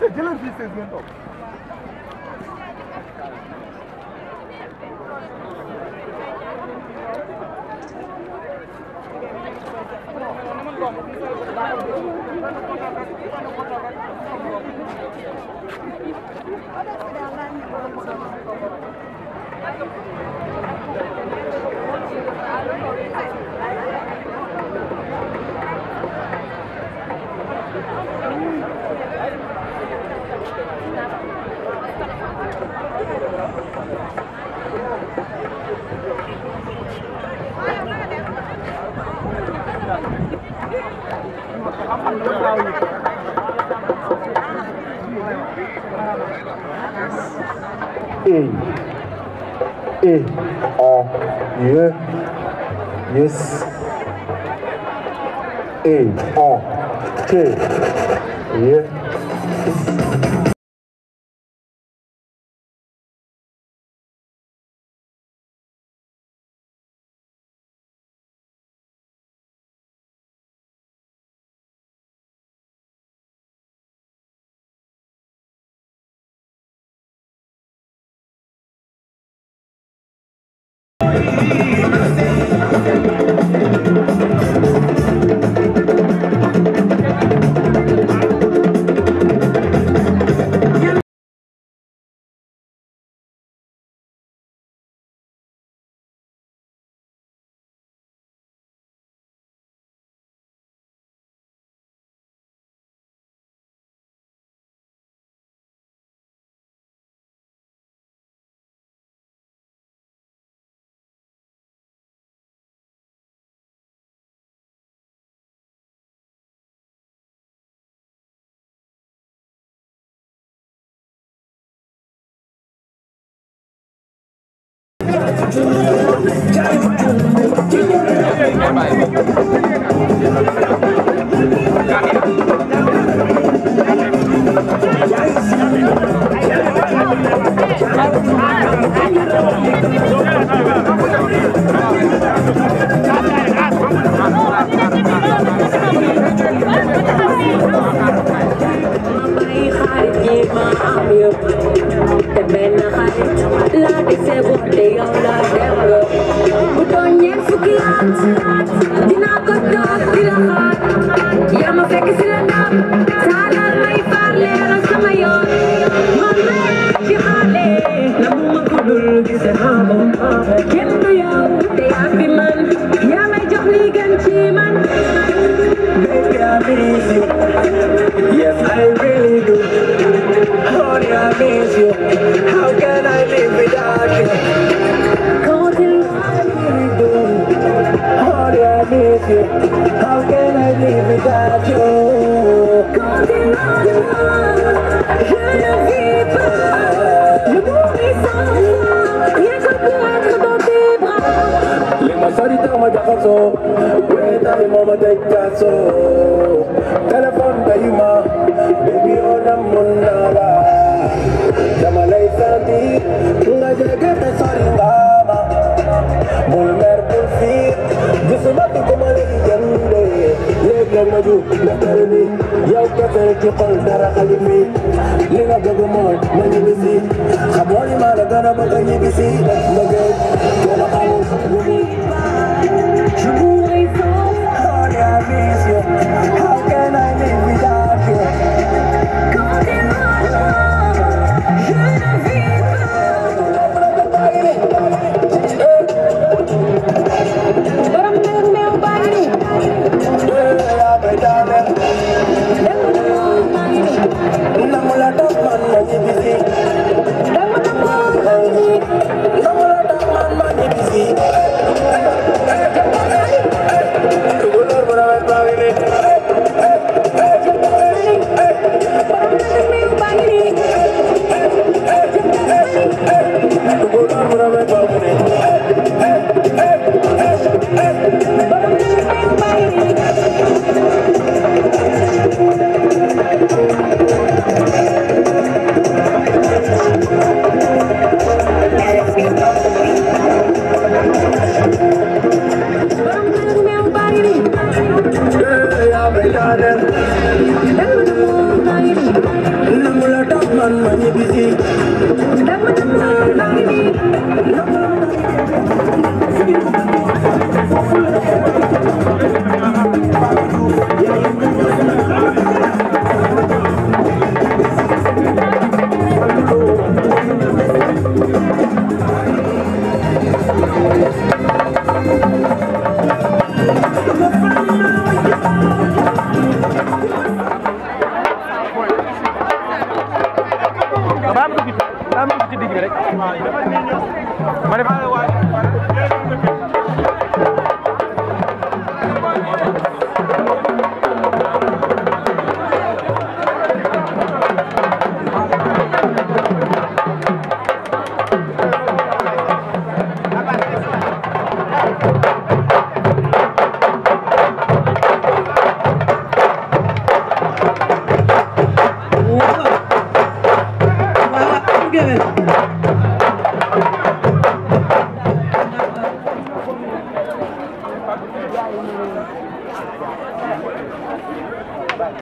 dem jëlal fii 16 ngeen toog E E O J Yes E O T J I'm your benn xarit laa dese boo te laa delloo bu doon ñeent fukki at dinaa ko toog di la xaar yaa ma fekk si la you? How can I live without you? Lima sarita ma jakaso, weta lima ma jakaso. Telephone da ima, baby olam munala. Jamalay santi. la bëgg mooy ma ñibbisi xamoo ni maa la gën a bëgg a ñibbisi ma gën gën a amul lu muy. Je voudrais sans Hand gewinnen.